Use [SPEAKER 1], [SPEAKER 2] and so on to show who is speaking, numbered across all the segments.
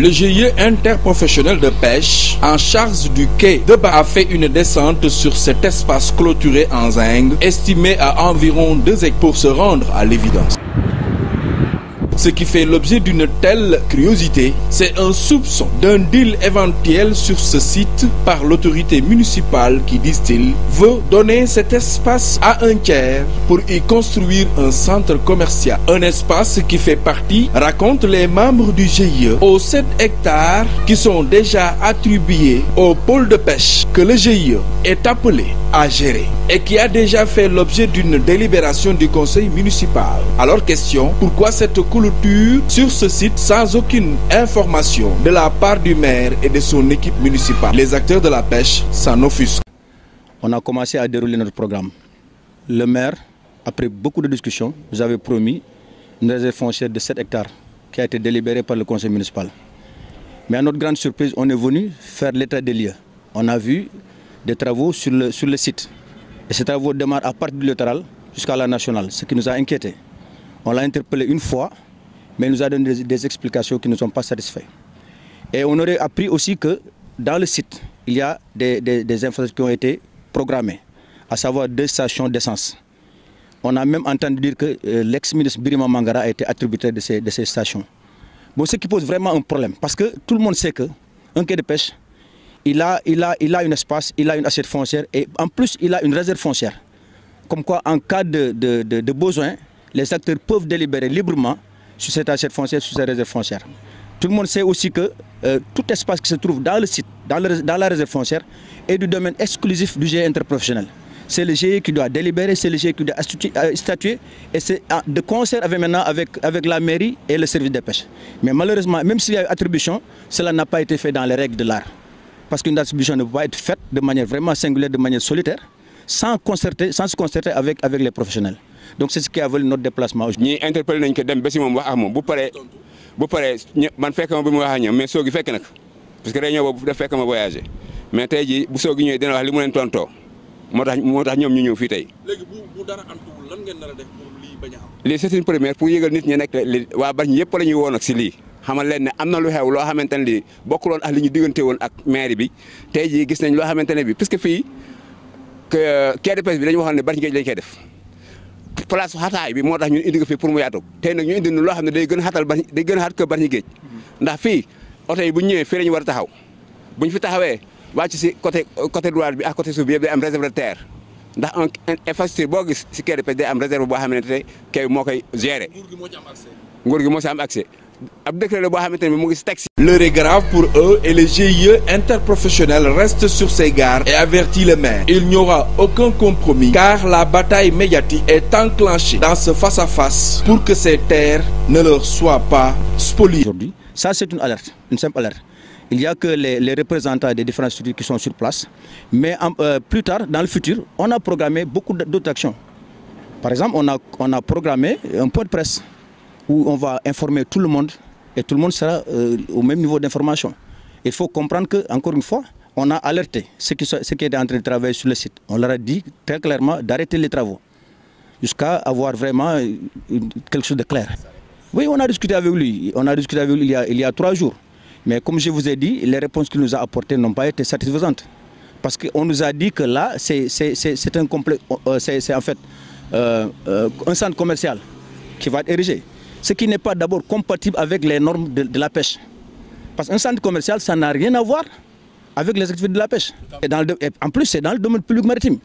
[SPEAKER 1] Le GIE interprofessionnel de pêche en charge du quai de Ba a fait une descente sur cet espace clôturé en zinc estimé à environ 2 hectares pour se rendre à l'évidence ce qui fait l'objet d'une telle curiosité, c'est un soupçon d'un deal éventuel sur ce site par l'autorité municipale qui, disent-ils, veut donner cet espace à un tiers pour y construire un centre commercial. Un espace qui fait partie, racontent les membres du GIE, aux 7 hectares qui sont déjà attribués au pôle de pêche que le GIE est appelé à gérer et qui a déjà fait l'objet d'une délibération du conseil municipal. Alors question, pourquoi cette clôture sur ce site sans aucune information de la part du maire et de
[SPEAKER 2] son équipe municipale Les acteurs de la pêche s'en offusquent. On a commencé à dérouler notre programme. Le maire, après beaucoup de discussions, nous avait promis une réserve foncière de 7 hectares qui a été délibérée par le conseil municipal. Mais à notre grande surprise, on est venu faire l'état des lieux. On a vu des travaux sur le, sur le site. Et ces travaux démarrent à partir du littoral jusqu'à la nationale, ce qui nous a inquiétés. On l'a interpellé une fois, mais il nous a donné des, explications qui ne sont pas satisfaites. Et on aurait appris aussi que dans le site, il y a des, des, infrastructures qui ont été programmées, à savoir deux stations d'essence. On a même entendu dire que euh, l'ex-ministre Birima Mangara a été attribué de ces, de ces stations. Bon, ce qui pose vraiment un problème, parce que tout le monde sait qu'un quai de pêche, il a, il, a, il a un espace, il a une assiette foncière et en plus il a une réserve foncière. Comme quoi en cas de, besoin, les acteurs peuvent délibérer librement sur cette assiette foncière, sur cette réserve foncière. Tout le monde sait aussi que euh, tout espace qui se trouve dans le site, dans, la réserve foncière, est du domaine exclusif du GE interprofessionnel. C'est le GE qui doit délibérer, c'est le GE qui doit euh, statuer, et c'est ah, de concert avec, maintenant avec, avec la mairie et le service des pêches. Mais malheureusement, même s'il y a eu attribution, cela n'a pas été fait dans les règles de l'art parce qu'une attribution ne peut pas être faite de manière vraiment singulière, de manière solitaire, sans, concerter, sans se concerter avec, avec les professionnels. Donc c'est ce qui a valu notre déplacement aujourd'hui.
[SPEAKER 3] Nous interpellons les gens qui ont été en train de bu paree man fekk ma bi mu wax ak ñoom mais soogi fekk nag parce que réunion boobu daf fekk voyager. mais tey jii bu soogi ñëwee dina wax li mu leen tontoo moo tax moo tax ñoom ñu ñëw fii tey. léegi bu dara antuwul lan ngeen nar def pour lii bañ c'est une première pour yëgal nit ñi nekk. waa Bargny yëpp la ñuy woon ak si lii. xamal leen ne am na lu xew loo xamante ne lii bokkuloon ak li ñu diggante woon ak maire bi tey jii gis nañ loo xamante ne bi puisque fii euh, quai de pêche bi dañu waxoon ne bari ngeen lañ koy def place xataay bi moo tax ñun indi ko fii pour mu yaatu tey nag ñu indi loo xam ne day gën a xatal bari day gën a xat ko géej ndax fii oto yi bu ñu ñëwee fii la ñu war a taxaw bu ñu fi taxawee wàcc si côté côté droite bi ak côté suuf bi yëpp day am réserve de terre ndax un infrastructure boo gis si quai de day am réserve boo xamante ne kay moo koy gérer. moo ci am gi moo am accès Le est grave pour eux et le
[SPEAKER 1] GIE interprofessionnel reste sur ses gardes et avertit les maires. Il n'y aura aucun compromis car la bataille médiatique est enclenchée dans ce face-à-face pour que ces terres
[SPEAKER 2] ne leur soient pas spoliées. Aujourd'hui, ça c'est une alerte, une simple alerte. Il n'y a que les, représentants des différentes structures qui sont sur place. Mais euh, plus tard, dans le futur, on a programmé beaucoup d'autres actions. Par exemple, on a, on a programmé un point de presse où on va informer tout le monde et tout le monde sera euh, au même niveau d'information. Il faut comprendre que, encore une fois, on a alerté ceux qui, ceux qui étaient en train de travailler sur le site. On leur a dit très clairement d'arrêter les travaux jusqu'à avoir vraiment euh, quelque chose de clair. Oui, on a discuté avec lui. On a discuté avec lui il y a, trois jours. Mais comme je vous ai dit, les réponses qu'il nous a apportées n'ont pas été satisfaisantes. Parce qu'on nous a dit que là, c'est un complet, euh, en fait un centre commercial qui va être érigé ce qui n'est pas d'abord compatible avec les normes de, la pêche. Parce qu'un centre commercial, ça n'a rien à voir avec les activités de la pêche. Et, en plus, c'est dans le domaine public maritime.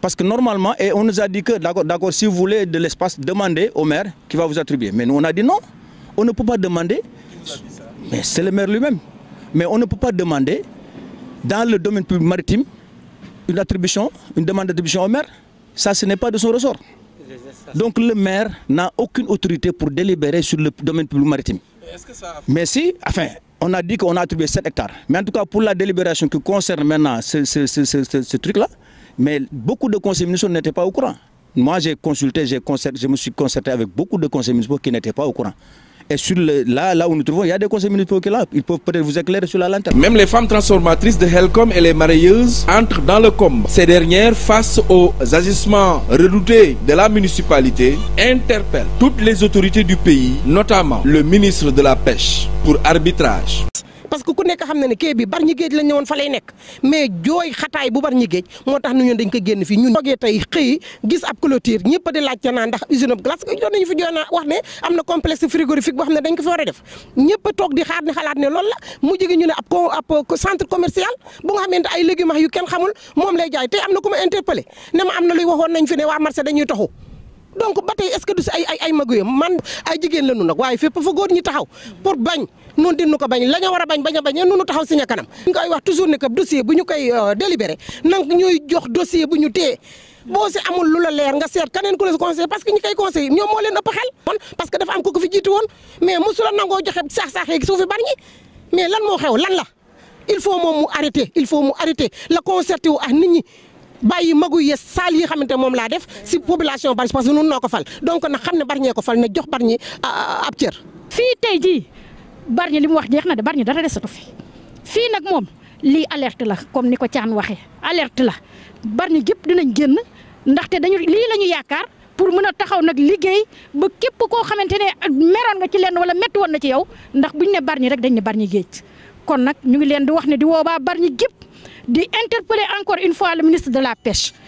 [SPEAKER 2] Parce que normalement, et on nous a dit que, d'accord, si vous voulez de l'espace, demandez au maire qui va vous attribuer. Mais nous, on a dit non, on ne peut pas demander. Mais c'est le maire lui-même. Mais on ne peut pas demander, dans le domaine public maritime, une attribution, une demande d'attribution au maire. Ça, ce n'est pas de son ressort. Donc le maire n'a aucune autorité pour délibérer sur le domaine public maritime. Mais si, enfin, on a dit qu'on a attribué 7 hectares. Mais en tout cas, pour la délibération qui concerne maintenant ce, truc-là, mais beaucoup de conseils municipaux n'étaient pas au courant. Moi, j'ai consulté, concerté, je me suis concerté avec beaucoup de conseils municipaux qui n'étaient pas au courant. Et sur là, là où nous trouvons, il y a des conseils municipaux qui là. Ils peuvent peut-être vous éclairer sur la lanterne. Même les femmes
[SPEAKER 1] transformatrices de Helcom et les marieuses entrent dans le combat. Ces dernières, face aux agissements redoutés de la municipalité, interpellent toutes les autorités du pays, notamment le ministre de la Pêche, pour arbitrage.
[SPEAKER 4] parce que ku nekk xam na ne kii bi Bargny Géej la ñëwoon fa nekk mais jooy xataay bu Bargny Géej moo tax ñun dañ ko génn fii ñun toogee tey xëy gis ab clôture ñëpp di laajte naa ndax usine ab glace doon nañu fi joona wax ne am na complexe a def ñëpp toog di xaar ni xalaat ne loolu la mu jigi ñu ab centre commercial bu nga xamante ay légumes yu kenn xamul moom lay jaay tey am na ku ma interpellé ne ma am na luy waxoon nañ fi ne waa marché dañuy toxu donc ba tey est que du si ay ay ay magu man ay jigéen lañu nag waaye fépp fa góor ñi taxaw pour bañ nun dinnu ko bañ la ñu war a bañ bañ a bañ nunu taxaw si ña kanam ñu koy wax toujours ne que dossier bu ñu koy euh, délibéré nang ñuy jox dossier bu ñu téye boo si amul lu la leer nga seet keneen ku la si conseil parce que ñi koy conseil ñoom moo leen ëpp xel parce que dafa am ko ko fi jiitu woon mais mosula nangoo joxe saax-saax yeegi suufi bari ñi mais lan moo xew lan la il faut moom mu arrêter il faut mu arrêter la concerté wu ak nit ñi bàyyi magu ye saal yi xamante moom laa def si population bari parce que nun ko fal donc na xam ne bari ñee ko fal jox bari ñi ab cër tey jii bari Bargny li mu wax jeex na de bari Bargny dara desatu fi fii nag moom lii alert la comme ni ko caan waxee alerte la Bargny gépp dinañ génn ndaxte dañu lii la ñu yaakaar pour mën a taxaw nag liggéey ba képp koo xamante ne meroon nga ci lenn wala métti woon na ci yow ndax buñ ne bari Bargny rek dañ ne Bargny géej kon nag ñu ngi leen di wax ne di woobaa bari Bargny gépp di interpeller encore une fois le ministre de la pêche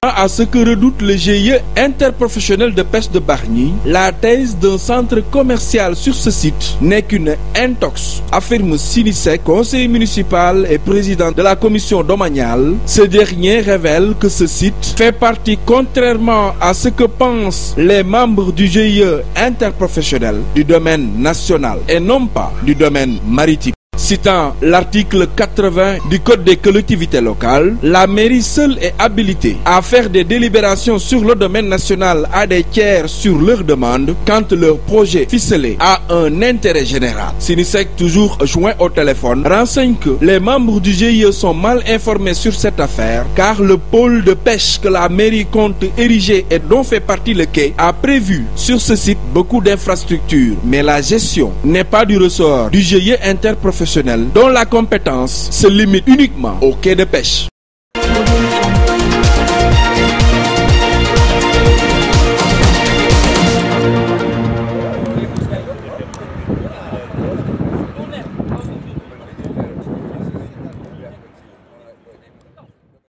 [SPEAKER 1] À ce que redoute le GIE interprofessionnel de pêche de Bargny, la thèse d'un centre commercial sur ce site n'est qu'une intox, affirme Sinisek, conseiller municipal et président de la commission domaniale. Ce dernier révèle que ce site fait partie, contrairement à ce que pensent les membres du GIE interprofessionnel, du domaine national et non pas du domaine maritime. Citant l'article 80 du Code des collectivités locales, la mairie seule est habilitée à faire des délibérations sur le domaine national à des tiers sur leur demande quand leur projet ficelé a un intérêt général. Sinisec, toujours joint au téléphone, renseigne que les membres du GIE sont mal informés sur cette affaire car le pôle de pêche que la mairie compte ériger et dont fait partie le quai a prévu sur ce site beaucoup d'infrastructures. Mais la gestion n'est pas du ressort du GIE interprofessionnel dont la compétence se limite uniquement au quai de pêche.